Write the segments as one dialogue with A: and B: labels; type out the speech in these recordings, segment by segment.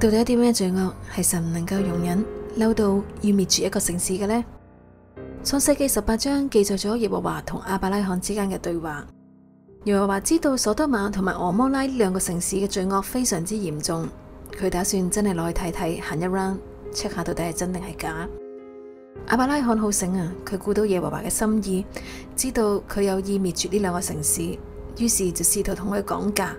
A: 到底有啲咩罪惡係神唔能夠容忍，嬲到要滅絕一個城市嘅呢？創世紀十八章記載咗耶和華同阿伯拉罕之間嘅對話。耶和華知道所多瑪同埋俄摩拉呢兩個城市嘅罪惡非常之嚴重，佢打算真係落去睇睇，行一 round，check 下到底係真定係假。阿伯拉罕好醒啊，佢估到耶和華嘅心意，知道佢有意滅絕呢兩個城市，於是就試圖同佢講價。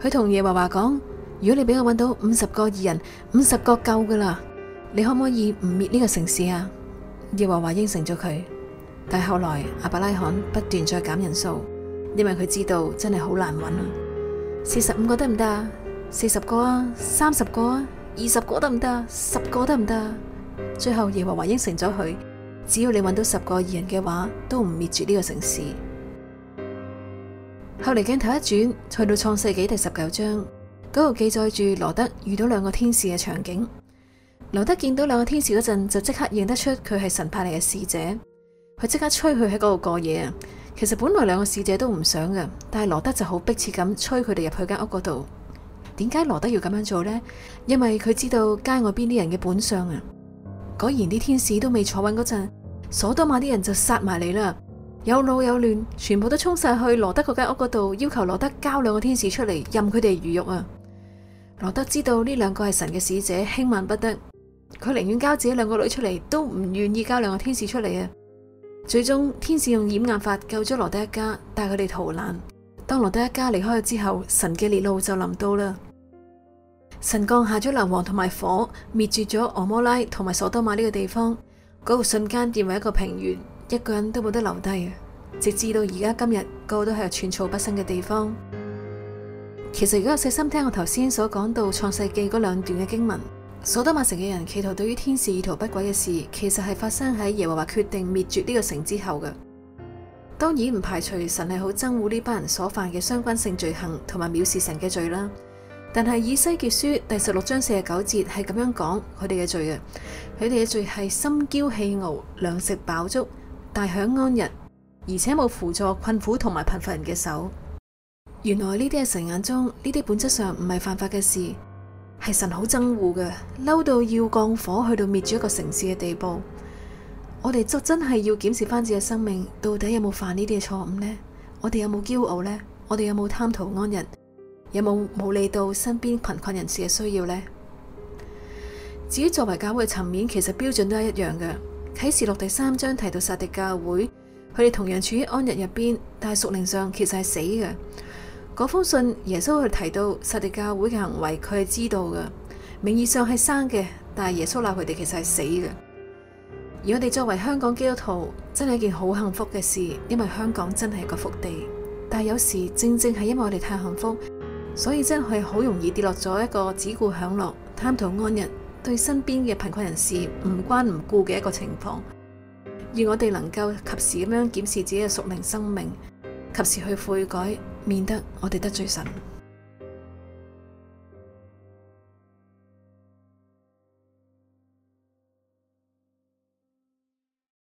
A: 佢同耶和華講。如果你俾我搵到五十個義人，五十個夠噶啦，你可唔可以唔滅呢個城市啊？耶和華應承咗佢，但係後來亞伯拉罕不斷再減人數，因為佢知道真係好難搵啊。四十五個得唔得？四十個啊，三十個啊，二十個得唔得？十個得唔得？最後耶和華應承咗佢，只要你搵到十個義人嘅話，都唔滅住呢個城市。後嚟鏡頭一轉，去到創世紀第十九章。嗰度記載住羅德遇到兩個天使嘅場景。羅德見到兩個天使嗰陣，就即刻認得出佢係神派嚟嘅使者。佢即刻催佢喺嗰度過夜啊！其實本來兩個使者都唔想嘅，但係羅德就好迫切咁催佢哋入去間屋嗰度。點解羅德要咁樣做呢？因為佢知道街外邊啲人嘅本相啊！果然啲天使都未坐穩嗰陣，所多瑪啲人就殺埋嚟啦，有老有亂，全部都沖晒去羅德嗰間屋嗰度，要求羅德交兩個天使出嚟，任佢哋魚肉啊！羅德知道呢兩個係神嘅使者，輕慢不得。佢寧願交自己兩個女出嚟，都唔願意交兩個天使出嚟啊！最終，天使用掩眼法救咗羅德一家，帶佢哋逃難。當羅德一家離開咗之後，神嘅烈怒就臨到啦。神降下咗硫磺同埋火，滅絕咗俄摩拉同埋索多瑪呢個地方，嗰度瞬間變為一個平原，一個人都冇得留低啊！直至到而家今日，嗰度都係寸草不生嘅地方。其實如果細心聽我頭先所講到創世紀嗰兩段嘅經文，所多瑪城嘅人企圖對於天使意圖不軌嘅事，其實係發生喺耶和華決定滅絕呢個城之後嘅。當然唔排除神係好憎惡呢班人所犯嘅相關性罪行同埋藐視神嘅罪啦。但係以西結書第十六章四十九節係咁樣講佢哋嘅罪嘅，佢哋嘅罪係心驕氣傲，糧食飽足，大享安逸，而且冇扶助困苦同埋貧乏人嘅手。原來呢啲係神眼中呢啲本質上唔係犯法嘅事，係神好憎惡嘅，嬲到要降火去到滅絕一個城市嘅地步。我哋就真係要檢視翻自己嘅生命，到底有冇犯呢啲嘅錯誤呢？我哋有冇驕傲呢？我哋有冇貪圖安逸？有冇冇理到身邊貧困人士嘅需要呢？至於作為教會層面，其實標準都係一樣嘅。啟示錄第三章提到撒狄教會，佢哋同樣處於安逸入邊，但係屬靈上其實係死嘅。嗰封信，耶穌佢提到，實地教會嘅行為佢係知道嘅，名義上係生嘅，但係耶穌鬧佢哋其實係死嘅。而我哋作為香港基督徒，真係一件好幸福嘅事，因為香港真係一個福地。但係有時正正係因為我哋太幸福，所以真係好容易跌落咗一個只顧享樂、貪圖安逸、對身邊嘅貧困人士唔關唔顧嘅一個情況。而我哋能夠及時咁樣檢視自己嘅屬靈生命，及時去悔改，免得我哋得罪神。